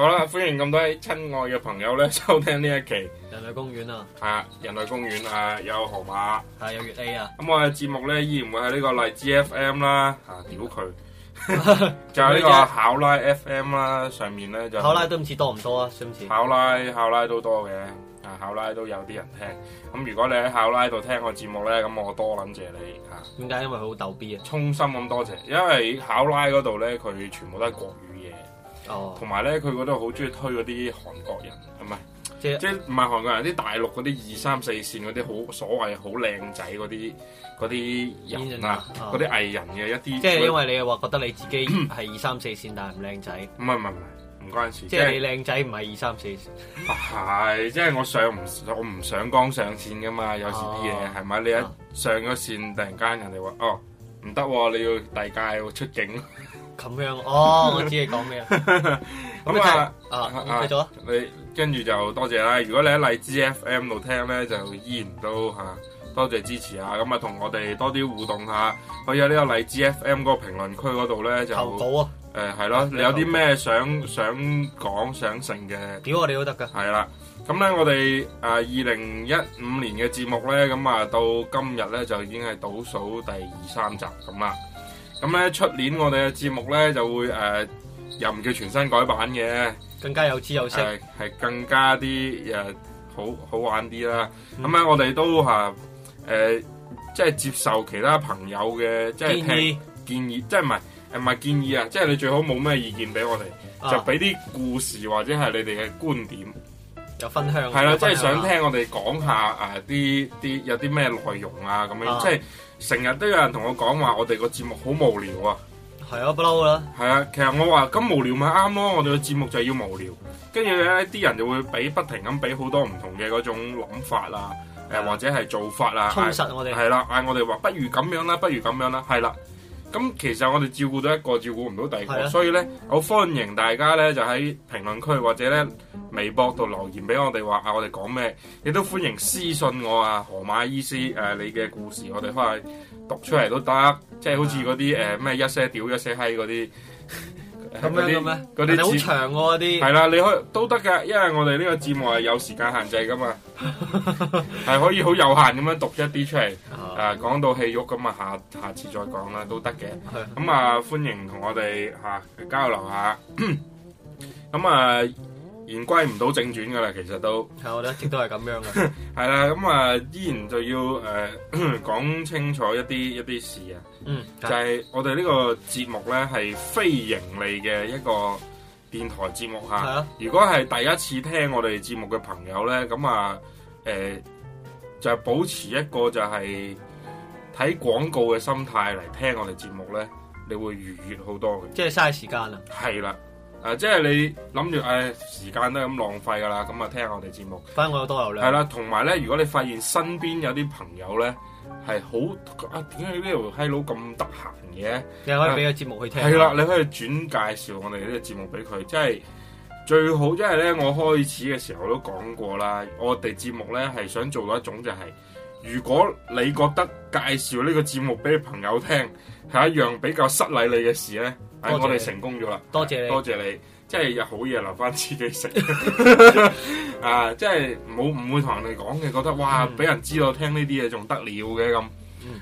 好啦，歡迎咁多位親愛嘅朋友咧，收聽呢一期《人類公園、啊》啊！人類公園》啊，有河馬、啊，有月 A 啊。咁我嘅節目咧依然會喺呢、這個荔枝 FM 啦，吓、啊、屌佢， 就係呢、這個 考拉 FM 啦。上面咧就考拉都唔似多唔多啊？似考拉，考拉都多嘅，啊，考拉都有啲人聽。咁如果你喺考拉度聽我節目咧，咁我多諗謝你吓。點解？因為佢好逗逼啊！衷心咁多謝，因為考拉嗰度咧，佢全部都係國語。同埋咧，佢覺得好中意推嗰啲韓國人，係咪？即即唔係韓國人，啲大陸嗰啲二三四線嗰啲好所謂好靚仔嗰啲啲人嗱、啊，啲、嗯嗯嗯、藝人嘅一啲，即係因為你又話覺得你自己係二三四線，但不不不不不係唔靚仔，唔係唔係唔關事，即係你靚仔唔係二三四線，係 即係我上唔我唔上綱上線噶嘛，有時啲嘢係咪？你一上咗線，突然間人哋話哦，唔得，你要遞解出境。咁樣哦，我知你講咩啊？咁 啊，啊繼續啊！你跟住就多謝啦。如果你喺荔枝 FM 度聽咧，就依然都嚇、啊、多謝支持啊！咁啊，同我哋多啲互動下，去咗呢個荔枝 FM 嗰個評論區嗰度咧就誒係咯，你有啲咩想、嗯、想講想成嘅屌我哋都得㗎。係啦，咁咧我哋誒二零一五年嘅節目咧，咁啊到今日咧就已經係倒數第二三集咁啦。咁咧，出年我哋嘅節目咧，就會誒，又唔叫全新改版嘅，更加有知有識，係、呃、係更加啲誒、呃，好好玩啲啦。咁、嗯、咧，我哋都吓誒，即、呃、係、就是、接受其他朋友嘅即係建議建議，即係唔係唔係建議啊！即、就、係、是、你最好冇咩意見俾我哋、啊，就俾啲故事或者係你哋嘅觀點，有分享係啦，即係、就是、想聽我哋講下誒，啲啲有啲咩內容啊，咁、啊、樣即係。就是成日都有人同我講話，說我哋個節目好無聊啊！係啊，不嬲噶啦。係啊，其實我話咁無聊咪啱咯，我哋個節目就係要無聊。跟住咧，啲人就會俾不停咁俾好多唔同嘅嗰種諗法啊，誒或者係做法啊，充實我哋係啦，嗌我哋話不如咁樣啦，不如咁樣啦，係啦。咁其實我哋照顧到一個，照顧唔到第二個，所以咧好歡迎大家咧就喺評論區或者咧微博度留言俾我哋話啊，我哋講咩，亦都歡迎私信我啊，河馬醫師誒啊，你嘅故事我哋可以讀出嚟都得，即係好似嗰啲誒咩一些屌一些閪嗰啲。咁樣嘅咩？啲好長喎、啊，啲係啦，你可以都得嘅，因為我哋呢個節目係有時間限制噶嘛，係 可以好有限咁樣讀一啲出嚟，誒 講、呃、到戲肉咁啊，下下次再講啦，都得嘅，咁 啊歡迎同我哋嚇、啊、交流下，咁 啊。言歸唔到正傳㗎啦，其實都係， 我覺得亦都係咁樣嘅。係啦，咁啊，依然就要誒、呃、講清楚一啲一啲事啊。嗯，就係、是、我哋呢個節目咧係非盈利嘅一個電台節目嚇。係啊。如果係第一次聽我哋節目嘅朋友咧，咁啊誒、呃、就保持一個就係睇廣告嘅心態嚟聽我哋節目咧，你會愉悅好多嘅。即係嘥時間啦 啊！係啦。啊、即係你諗住誒，時間都係咁浪費噶啦，咁啊聽下我哋節目，翻我有多有咧。係啦，同埋咧，如果你發現身邊有啲朋友咧，係好啊，點解呢度閪佬咁得閒嘅？你可以俾個節目去聽。係、啊、啦，你可以轉介紹我哋呢個節目俾佢，即、就、係、是、最好。即係咧，我開始嘅時候都講過啦，我哋節目咧係想做到一種就係、是，如果你覺得介紹呢個節目俾朋友聽係一樣比較失禮你嘅事咧。誒、哎，我哋成功咗啦！多謝你，多謝你，即係有好嘢，留翻自己食。 啊，即係冇唔會同人哋講嘅，覺得哇，俾、嗯、人知道、嗯、聽呢啲嘢仲得了嘅咁。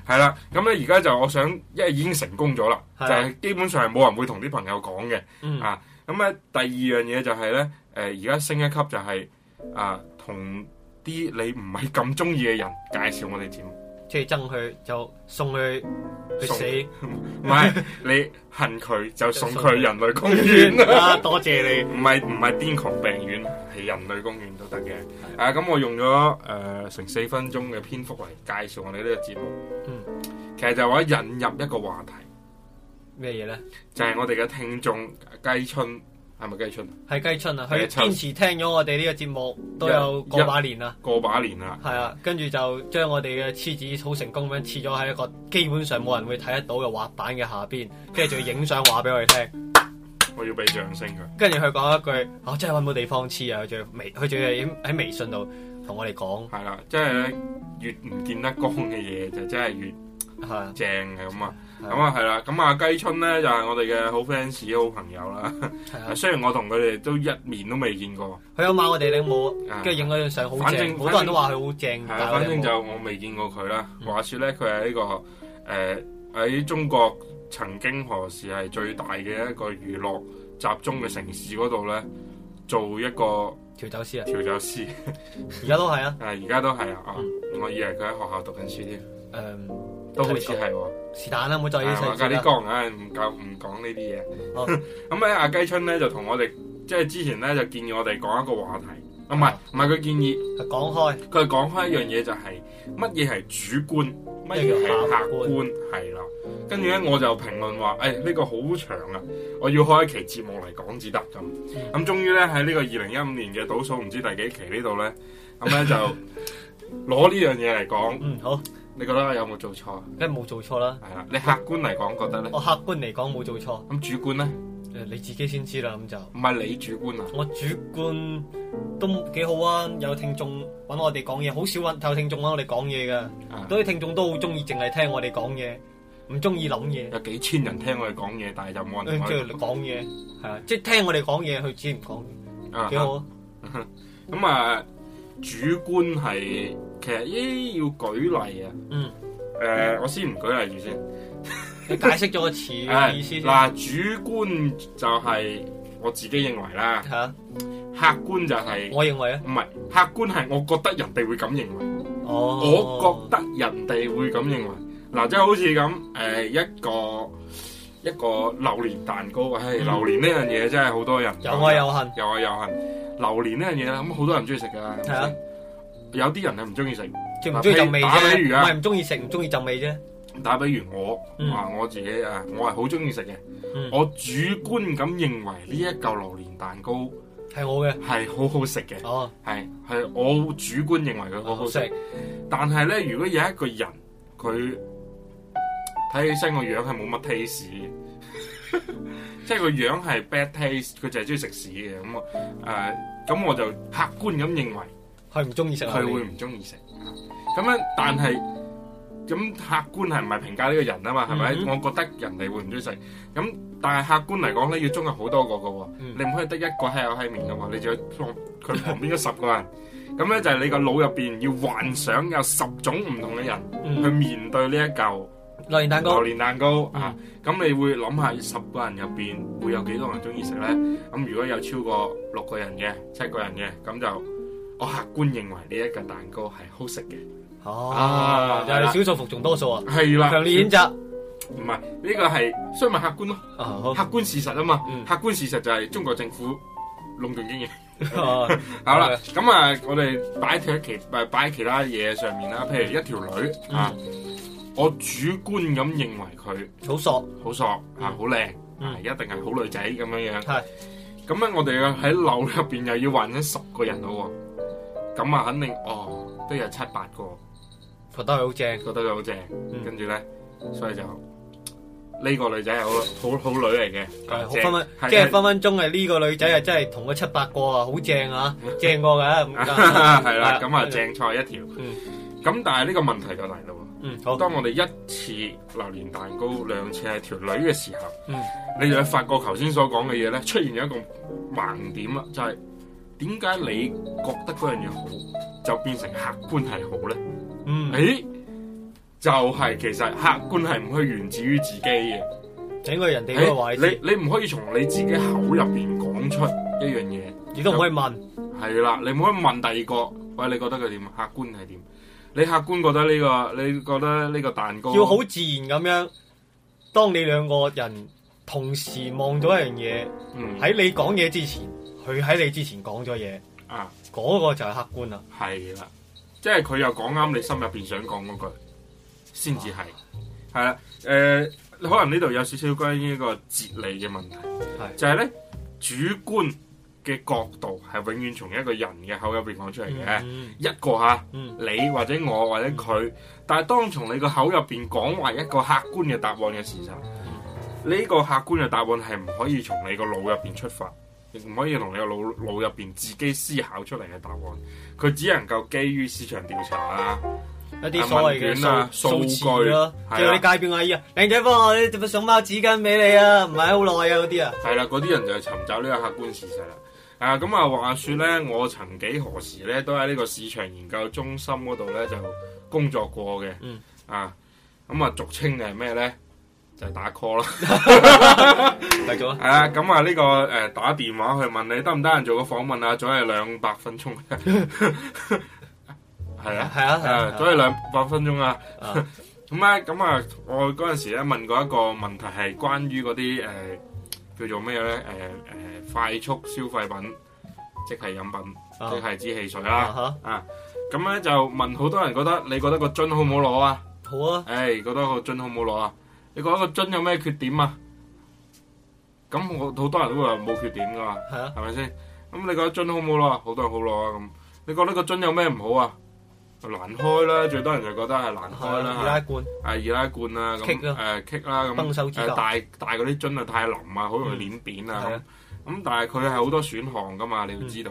係啦，咁咧而家就我想，因為已經成功咗啦、嗯，就係、是、基本上係冇人會同啲朋友講嘅、嗯。啊，咁啊，第二樣嘢就係、是、咧，誒、呃，而家升一級就係、是、啊，同、呃、啲你唔係咁中意嘅人介紹我哋節目。即係憎佢就送佢去死，唔 係你恨佢就送佢去人類公園啦！多謝你，唔係唔係癲狂病院，係人類公園都得嘅。啊，咁我用咗誒、呃、成四分鐘嘅篇幅嚟介紹我哋呢個節目。嗯，其實就話引入一個話題，咩嘢咧？就係、是、我哋嘅聽眾雞春。係咪雞春？係雞春啊！佢堅持聽咗我哋呢個節目都有個把年啦。個把年啦。係啊，跟住就將我哋嘅黐紙草成功咁樣黐咗喺一個基本上冇人會睇得到嘅滑板嘅下邊，跟住仲要影相話俾我哋聽。 我要俾掌聲佢。跟住佢講一句：我真係搵冇地方黐啊！佢仲要微，佢仲要喺微信度同我哋講。係啦，即係越唔見得光嘅嘢就真係越係正嘅咁啊！咁、嗯、啊，係啦，咁啊，雞春咧就係、是、我哋嘅好 fans、好朋友啦。係啊，雖然我同佢哋都一面都未見過。佢有買我哋禮物，跟住影咗張相，好、嗯、正。好多人都話佢好正。啊，反正就我未見過佢啦、嗯。話說咧，佢係呢個誒喺中國曾經何時係最大嘅一個娛樂集中嘅城市嗰度咧，做一個調酒師啊！調酒師，而家都係啊！而家都係啊、嗯！我以為佢喺學校讀緊書添。誒、嗯，都好似係是但啦，唔好在意晒。教啲光啊，唔夠唔講呢啲嘢。咁咧，阿雞春咧就同我哋即係之前咧就建議我哋講一個話題。唔係唔係，佢建議係講開，佢係講開一樣嘢，就是，就係乜嘢係主觀，乜嘢係客觀，係、嗯、啦。跟住咧，我就評論話，誒、哎、呢、呢個好長啊，我要開一期節目嚟講至得咁。咁終於咧喺呢個二零一五年嘅倒數唔知第幾期呢度咧，咁、嗯、咧就攞呢樣嘢嚟講。嗯，好。你覺得有冇做錯？梗係冇做錯啦。係啊，你客觀嚟講，覺得咧？我客觀嚟講冇做錯。咁主觀咧？誒，你自己先知啦，咁就。唔係你主觀啊？我主觀都幾好啊！有聽眾揾我哋講嘢，好少揾有聽眾揾我哋講嘢噶。啊。啲聽眾都好中意淨係聽我哋講嘢，唔中意諗嘢。有幾千人聽我哋講嘢，但係就冇人我。即係講嘢，係、就是、啊，即係聽我哋講嘢，佢自唔講，幾好啊。咁 啊，主觀係。其實要舉例啊，嗯，誒、呃嗯，我先唔舉例住先，你解釋咗個詞意思先、 啊。嗱、啊，主觀就係我自己認為啦，吓、啊，客觀就係、是、我認為啊，唔係客觀係我覺得人哋會咁認為，哦，我覺得人哋會咁認為，嗱、啊，即、就、係、是、好似咁，誒、呃，一個一個榴蓮蛋糕啊，係、欸嗯、榴蓮呢樣嘢真係好多人，有愛有恨，有愛有恨，榴蓮呢樣嘢啦，咁好多人中意食噶，係啊。啊有啲人咧唔中意食，即係唔中意就味啫。唔係唔中意食，唔中意就味啫。打比如我啊、嗯，我自己啊，我係好中意食嘅。我主觀咁認為呢一嚿榴蓮蛋糕係我嘅，係好好食嘅。哦，係係我主觀認為佢好好食。但係咧，如果有一個人佢睇起身個樣係冇乜 taste，即係個樣係 bad taste，佢就係中意食屎嘅。咁我誒咁我就客觀咁認為。佢唔中意食，佢會唔中意食啊！咁樣，但係咁、嗯、客觀係唔係評價呢個人啊嘛？係咪？我覺得人哋會唔中意食咁，但係客觀嚟講咧，要中意好多個嘅喎、嗯。你唔可以得一個係有吃面嘅嘛、嗯？你仲要放佢旁邊嘅十個人咁咧， 就係你個腦入邊要幻想有十種唔同嘅人去面對呢一嚿榴槤蛋糕。嗯、榴槤蛋糕、嗯、啊！咁你會諗下十個人入邊會有幾多人中意食咧？咁如果有超過六個人嘅、七個人嘅，咁就。我客觀認為呢一個蛋糕係好食嘅、哦，啊，就係少數服從多數啊，係啦，強烈選擇，唔係呢個係，所以咪客觀咯、哦，客觀事實啊嘛、嗯，客觀事實就係中國政府壟斷經營，哦 哦、 好啦，咁啊，我哋擺喺其唔係擺其他嘢上面啦，譬如一條女、嗯、啊，我主觀咁認為佢好索，好索、嗯，啊，好靚、嗯、啊，一定係好女仔咁樣樣，係，咁咧我哋嘅喺樓入邊又要揾十個人喎。嗯咁啊，肯定哦，都有七八個，覺得佢好正，覺得佢好正，跟住咧，所以就呢、這個女仔係好好好女嚟嘅，好、嗯、正，即係分、就是、分分鐘係呢個女仔係真係同嗰七八個啊，好、嗯、正啊， 正過嘅的、啊，係 啦、啊，咁 啊正菜一條，咁、嗯、但係呢個問題就嚟咯、嗯，當我哋一次榴蓮蛋糕兩次係條女嘅時候，嗯、你就發覺頭先所講嘅嘢咧出現咗一個盲點啊，就係、是。點解你覺得嗰樣嘢好，就變成客觀係好咧？誒、嗯，就係、是、其實客觀係唔可以源自於自己嘅，整個人哋嘅位置。你你唔可以從你自己口入邊講出一樣嘢，亦都唔可以問。係啦，你唔可以問第二個，喂、哎，你覺得佢點？客觀係點？你客觀覺得呢、這個，你覺得呢個蛋糕要好自然咁樣。當你兩個人同時望咗一樣嘢，喺、嗯、你講嘢之前。佢喺你之前講咗嘢，啊，嗰、那個就係客觀啦。係啦，即係佢又講啱你心入邊想講嗰句是，先至係，係啦。誒、呃，可能呢度有少少關於一個哲理嘅問題，係就係、是、咧，主觀嘅角度係永遠從一個人嘅口入邊講出嚟嘅、嗯。一個吓、啊嗯，你或者我或者佢、嗯，但係當從你個口入邊講話一個客觀嘅答案嘅時候，呢、嗯這個客觀嘅答案係唔可以從你個腦入邊出發。亦唔可以同你個腦腦入邊自己思考出嚟嘅答案，佢只能夠基於市場調查啦，一啲問卷啊、數據咯，仲有啲街邊阿姨啊，靚仔，幫我送包紙巾俾你啊，唔係好耐啊嗰啲啊，係啦，嗰啲人就係尋找呢個客觀事實啦。啊，咁啊，話說咧，我曾幾何時咧，都喺呢個市場研究中心嗰度咧就工作過嘅，嗯，啊，咁啊，俗稱嘅係咩咧？就係，打 call 啦 得了，係 啊。咁啊呢個誒、呃、打電話去問你得唔得閒做個訪問啊？總係兩百分鐘 是的，係 啊，係啊，係，總係兩百分鐘啊。咁 咧，咁啊，我嗰陣時咧問過一個問題係關於嗰啲誒叫做咩咧？誒、呃、誒、呃，快速消費品，即係飲品，uh -huh. 即係支汽水啦。Uh -huh. 啊，咁咧就問好多人覺得你覺得個樽好唔好攞啊？好啊，誒、hey，覺得個樽好唔好攞啊？你覺得個樽有咩缺點啊？咁我好多人都話冇缺點噶，嘛，啊，係咪先？咁你覺得樽好唔好咯？好多人好咯咁、啊。你覺得個樽有咩唔好啊？難開啦，最多人就覺得係難開啦，易拉罐，易、啊、拉罐啦咁，誒棘啦咁，大大嗰啲樽啊太腍啊，好、呃啊呃啊呃啊啊、容易黏扁啊咁、嗯啊。但係佢係好多選項噶嘛，你要知道。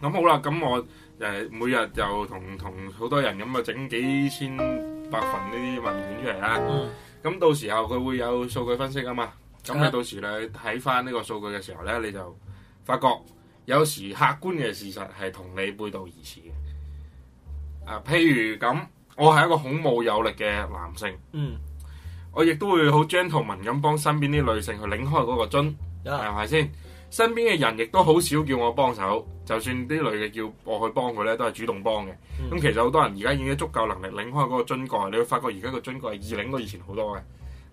咁、嗯、好啦，咁我誒每日就同同好多人咁啊整幾千百份呢啲文件出嚟啦、啊。嗯咁到時候佢會有數據分析啊嘛，咁你到時你睇翻呢個數據嘅時候咧，你就發覺有時客觀嘅事實係同你背道而馳嘅。啊，譬如咁，我係一個孔武有力嘅男性，嗯，我亦都會好 gentleman 咁幫身邊啲女性去擰開嗰個樽，係咪先？身邊嘅人亦都好少叫我幫手，就算啲女嘅叫我去幫佢咧，都係主動幫嘅。咁、嗯、其實好多人而家已經足夠能力擰開嗰個樽蓋，你會發覺而家個樽蓋易擰到以前好多嘅，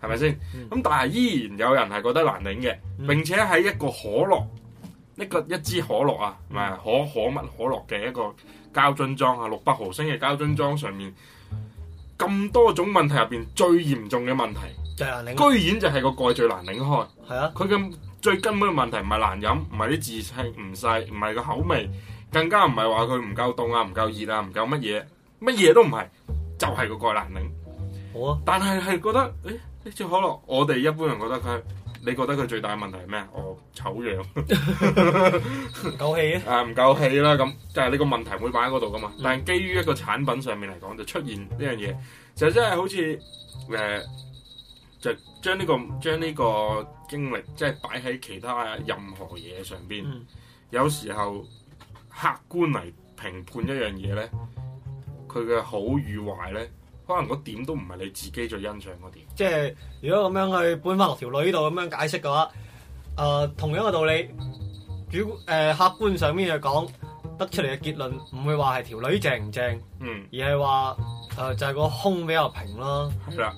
係咪先？咁、嗯、但係依然有人係覺得難擰嘅、嗯。並且喺一個可樂，嗯、一個一支可樂啊，咪、嗯、可可乜可樂嘅一個膠樽裝啊，六百毫升嘅膠樽裝上面，咁多種問題入邊最嚴重嘅問題，居然就係個蓋最難擰開。係啊，佢嘅。最根本嘅問題唔係難飲，唔係啲字清唔細，唔係個口味，更加唔係話佢唔夠凍啊，唔夠熱啊，唔夠乜嘢，乜嘢都唔係，就係、是、個個難頂。好啊，但係係覺得，誒，呢隻可樂，我哋一般人覺得佢，你覺得佢最大嘅問題係咩啊？我醜樣， 唔夠氣啊？啊，唔夠氣啦咁，但係你個問題會擺喺嗰度噶嘛？但係基於一個產品上面嚟講，就出現呢樣嘢，就真係好似誒、呃，就將呢個將呢個。經歷即係擺喺其他任何嘢上邊、嗯，有時候客觀嚟評判一樣嘢咧，佢嘅好與壞咧，可能嗰點都唔係你自己最欣賞嗰點。即係如果咁樣去搬翻落條女度咁樣解釋嘅話，誒、呃、同樣嘅道理，主誒、呃、客觀上面就講得出嚟嘅結論，唔會話係條女正唔正，嗯、而係話誒就係、是、個胸比較平咯。係、嗯、啊。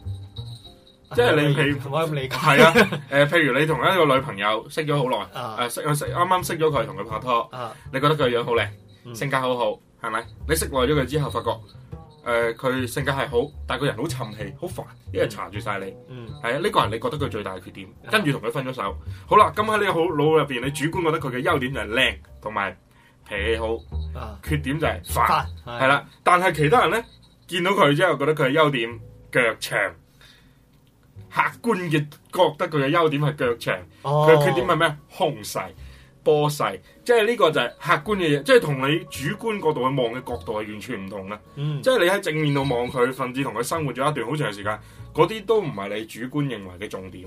即係你，譬如我咁理解。係 啊，誒、呃，譬如你同一個女朋友識咗好耐，誒、uh -huh. 呃，識，剛剛識，啱啱識咗佢，同佢拍拖，uh -huh. 你覺得佢樣好靚，uh -huh. 性格好好，係咪？你識耐咗佢之後，發覺誒，佢、呃、性格係好，但係個人好沉氣，好煩，一日查住晒你。嗯。係啊，呢、這個人你覺得佢最大嘅缺點，跟住同佢分咗手。好啦，咁喺你個腦入邊，你主觀覺得佢嘅優點就係靚同埋脾氣好，uh -huh. 缺點就係煩，係、uh、啦 -huh. 啊啊啊。但係其他人咧見到佢之後，覺得佢嘅優點腳長。客觀嘅覺得佢嘅優點係腳長，佢嘅缺點係咩？胸細、波細，即係呢個就係客觀嘅嘢，即係同你主觀角度去望嘅角度係完全唔同啦。嗯、即係你喺正面度望佢，甚至同佢生活咗一段好長時間，嗰啲都唔係你主觀認為嘅重點，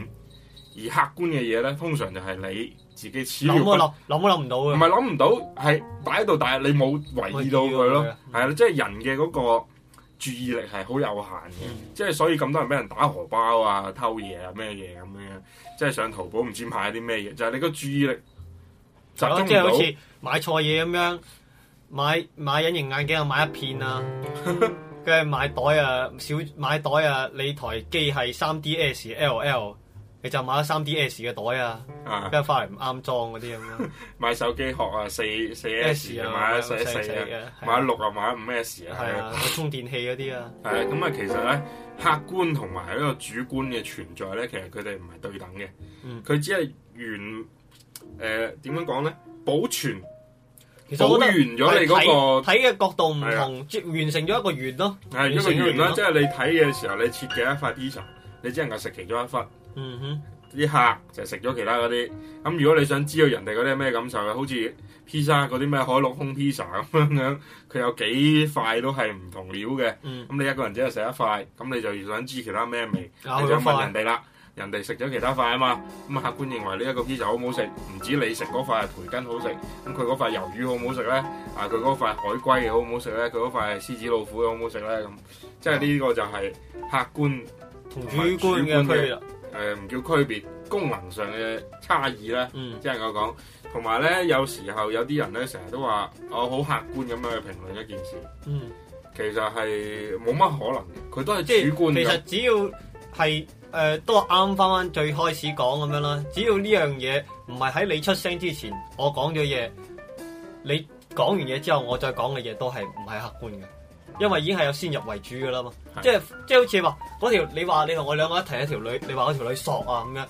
而客觀嘅嘢咧，通常就係你自己始料。諗都諗都諗唔到嘅，唔係諗唔到，係擺喺度，但係你冇留意到佢咯。係、就、啊、是，嗯、即係人嘅嗰、嗰個。注意力係好有限嘅，即係所以咁多人俾人打荷包啊、偷嘢啊、咩嘢咁樣，即係上淘寶唔知買啲咩嘢，就係、是、你個注意力集即係好似買錯嘢咁樣，買買隱形眼鏡啊買一片啊，跟 住買袋啊小買袋啊，你台機係 3DS LL。你就買咗三 D S 嘅袋啊，跟住翻嚟唔啱裝嗰啲咁咯。買手機殼啊，四四 S 啊，買咗四 S 啊，買咗六啊，買咗五 S 啊，係啊， 充電器嗰啲啊。係咁啊，其實咧，客觀同埋一個主觀嘅存在咧，其實佢哋唔係對等嘅。佢、嗯、只係圓誒，點樣講咧？保存，其實保完咗你嗰、嗰個睇嘅角度唔同，即完成咗一個圓咯。係一個圓啦，即係你睇嘅時候，你切嘅一塊 pizza，你只能夠食其中一忽。嗯哼，啲客就食咗其他嗰啲。咁如果你想知道人哋嗰啲係咩感受嘅，好似披薩嗰啲咩海陸空披薩咁樣樣，佢有幾塊都係唔同料嘅。咁你一個人只係食一塊，咁你就想知其他咩味，你就問人哋啦。人哋食咗其他塊啊嘛。咁啊客觀認為呢一個披薩好唔好食，唔止你食嗰塊係培根好食。咁佢嗰塊魷魚好唔好食咧？啊佢嗰塊海龜好唔好食咧？佢嗰塊獅子老虎好唔好食咧？咁即係呢個就係客觀同主觀嘅區別。誒、呃、唔叫區別，功能上嘅差異咧，即係我講。同埋咧，有時候有啲人咧，成日都話我好客觀咁樣去評論一件事，嗯，其實係冇乜可能嘅，佢都係主觀嘅，即係其實只要係誒、呃，都係啱翻翻最開始講咁樣啦。只要呢樣嘢唔係喺你出聲之前，我講咗嘢，你講完嘢之後，我再講嘅嘢都係唔係客觀嘅。因為已經係有先入為主噶啦嘛是的即係，即係即係好似話嗰條，你話你同我兩個一提一條女，你話嗰條女索啊咁樣，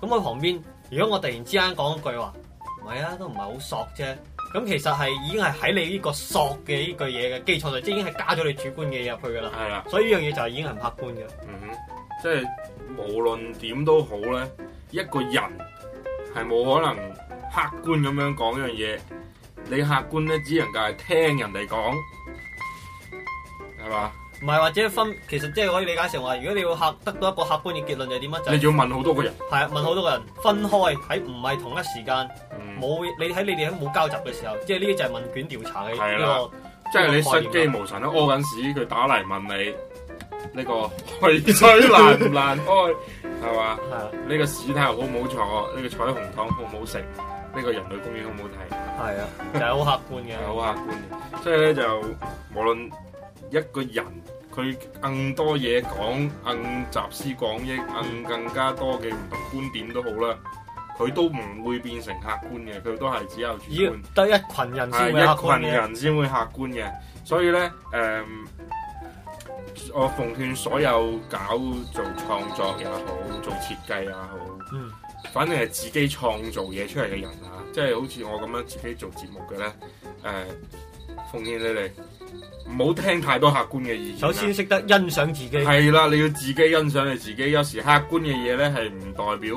咁佢旁邊如果我突然之間講一句話，唔係啊都唔係好索啫，咁其實係已經係喺你呢個索嘅呢句嘢嘅基礎上，即係已經係加咗你主觀嘅嘢入去噶啦，係啊，所以呢樣嘢就係已經係唔客觀嘅，嗯，即係無論點都好咧，一個人係冇可能客觀咁樣講樣嘢，你客觀咧，只能夠係聽人哋講。係嘛？唔係或者分，其實即係可以理解成話，如果你要客得到一個客觀嘅結論，就係點啊？你要問好多個人。係、嗯、啊，問好多個人，分開喺唔係同一時間，冇、嗯、你喺你哋喺冇交集嘅時候，即係呢啲就係問卷調查嘅呢、這個。即係、啊這個就是、你失驚無神，屙緊屎，佢打嚟問你呢、這個汽水、哎、 難唔難開？係、哎、嘛？係啊。呢個屎睇下好唔好坐？呢、這個彩虹糖好唔好食？呢、這個人類公園好唔好睇？係啊，就、這、係、個、好是、啊、 客觀嘅。好客觀嘅。所以咧就，是、就無論。一個人佢更多嘢講，更集思廣益，更更加多嘅唔同觀點好都好啦，佢都唔會變成客觀嘅，佢都係只有主觀。要得一群人先會客觀嘅、啊嗯，所以咧誒、嗯，我奉勸所有搞做創作也好，做設計也好，嗯，反正係自己創造嘢出嚟嘅人啊，即、就、係、是、好似我咁樣自己做節目嘅咧，誒、嗯，奉勸你哋。唔好聽太多客觀嘅意思。首先識得欣賞自己係啦，你要自己欣賞你自己。有時客觀嘅嘢咧，係唔代表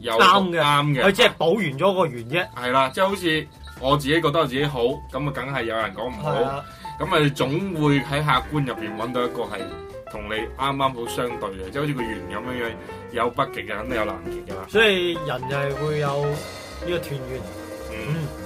有啱嘅，啱嘅，佢只係補完咗個圓啫。係啦，即係好似我自己覺得自己好，咁啊梗係有人講唔好，咁啊總會喺客觀入邊揾到一個係同你啱啱好相對嘅，即係好似個圓咁樣樣，有北極嘅肯定有南極噶啦。所以人就係會有呢個團圓。嗯，嗯。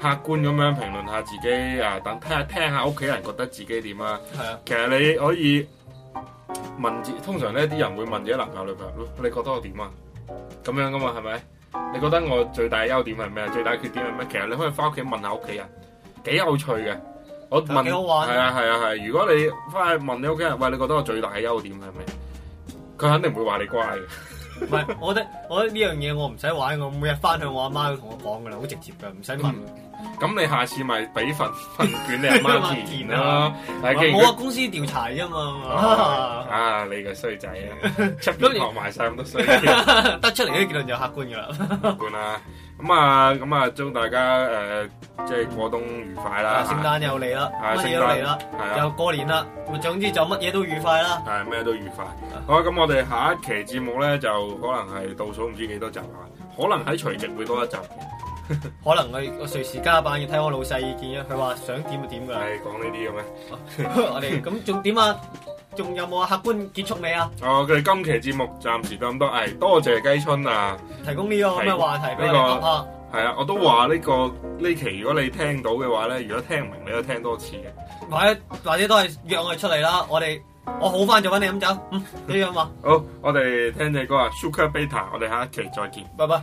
客觀咁樣評論下自己啊，等聽下聽下屋企人覺得自己點啊。係啊，其實你可以問住，通常呢啲人會問自己男朋友女朋友你覺得我點啊？咁樣噶嘛，係咪？你覺得我最大嘅優點係咩？最大嘅缺點係咩？其實你可以翻屋企問下屋企人，幾有趣嘅。我問係啊係啊係、啊啊。如果你翻去問你屋企人，喂，你覺得我最大嘅優點係咪？佢肯定唔會話你乖的。嘅。唔係，我覺得我呢樣嘢我唔使玩，我每日翻去我阿媽都同我講噶啦，好直接噶，唔使問。嗯咁你下次咪俾份份問卷你阿媽填啦。我 啊，啊，啊，公司調查啫嘛，啊啊。啊，你個衰仔啊，出邊學埋晒咁多衰嘢 得出嚟啲結論就客觀噶啦。客觀啦，咁啊，咁啊，啊，祝大家誒、即、啊、係、就是、過冬愉快啦。聖、嗯、誕、啊、又嚟啦，乜嘢嚟啦，又、啊、過年啦，咁、嗯、總之就乜嘢都愉快啦。係、啊、咩都愉快。好啊，咁我哋下一期節目咧，就可能係倒數唔知幾多集，可能喺除夕會多一集。 可能我我隨時加班要睇我老細意見 啊，佢話想點就點噶。係講呢啲嘅咩？我哋咁仲點啊，仲有冇客觀結束未啊？哦，佢哋今期節目暫時咁多，係、哎、多謝雞春啊，提供呢個咁嘅、這個、話題啦啊，係、這個、啊，我都話呢、這個呢期如果你聽到嘅話咧，如果聽唔明，你都聽聽多次嘅。或者或者都係約我哋出嚟啦，我哋我好翻就搵你飲酒，嗯，呢 樣話。好，我哋聽隻歌啊，Sugar Beta，我哋下一期再見，拜拜。